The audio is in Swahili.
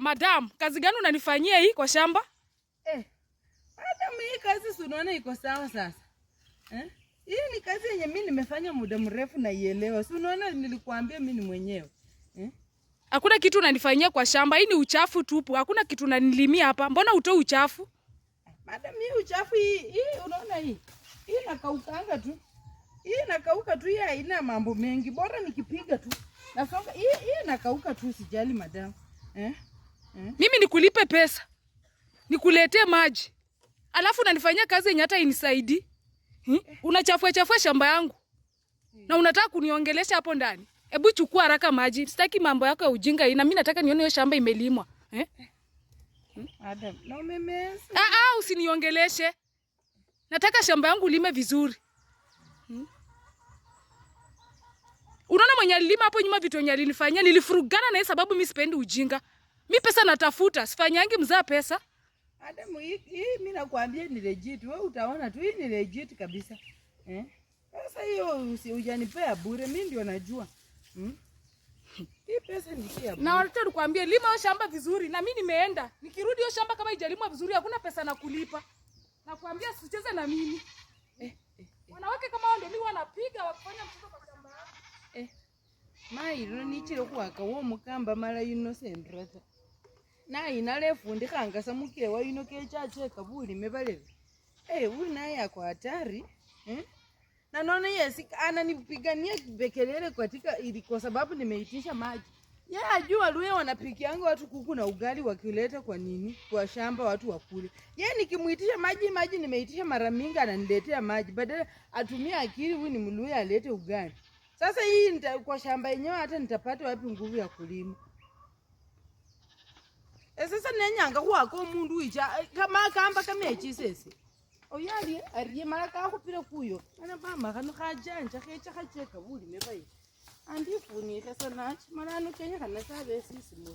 madam, kazi gani unanifanyia hii kwa shamba? Eh. Madam, hii kazi si unaona iko sawa sasa. Eh? Hii ni kazi yenye mimi nimefanya muda mrefu na ielewa. Si unaona nilikuambia mimi ni mwenyewe. Eh? Hakuna kitu unanifanyia kwa shamba. Hii ni uchafu tupu. Hakuna kitu unanilimia hapa. Mbona utoe uchafu? Madam, hii uchafu hii, hii unaona hii. Hii inakaukanga tu. Hii nakauka tu, hii haina mambo mengi. Bora nikipiga tu. Nasonga hii, hii nakauka tu, sijali madam. Eh? mm. Mimi nikulipe pesa nikuletee maji alafu unanifanyia kazi yenye hata inisaidi hmm? Unachafua chafua shamba yangu mm. Na unataka kuniongelesha hapo ndani? Hebu chukua haraka maji, sitaki mambo yako ya ujinga, na mimi nataka nione hiyo shamba imelimwa eh? hmm? No, ah, ah, usiniongeleshe, nataka shamba yangu lime vizuri hmm? Unaona mwenye alilima hapo nyuma vitu wenye alinifanyia, nilifurugana naye sababu mi sipendi ujinga. Mi pesa natafuta, sifanyangi mzaa pesa. Adamu, hii mimi nakwambia ni legit. Wewe utaona tu hii ni legit kabisa. Eh? Sasa hiyo hujanipea bure, mi ndio najua. Hmm? Hii pesa ni kia. Na watoto nikwambie lima hiyo shamba vizuri na mimi nimeenda. Nikirudi hiyo shamba kama haijalimwa vizuri hakuna pesa na kulipa. Nakwambia usicheze na mimi. Eh, eh, eh. wanawake kama wao ndio mimi wanapiga wakifanya mtoto kwa shamba. Eh. Mai, ronichiro kwaka uwo mukamba mara innocent brother nainala efundikhanga sa mukiwa yino kechacheka bulime balevi eh, hey, huyu naye ako hatari eh? Nanoona yesi ananipigania bekelele katika ili kwa sababu nimeitisha maji. Ye ajua luye wanapikianga watu kuku na ugali wakileta kwa nini? Kwa shamba watu wakule. Ye nikimuitisha maji maji nimeitisha mara mingi ananiletea maji. Badala atumie akili huyu ni mluye alete ugali. Sasa hii nita, kwa shamba yenyewe hata nitapata wapi nguvu ya kulima? esese nenyanga go ako omundu oia eh, makamba ka metse sese oyali arie mara ka gopile kuyo ana bamagano ga janja ge etse ga eka boodime bae andi funige senach mara ano kenyaganna sabe sesemo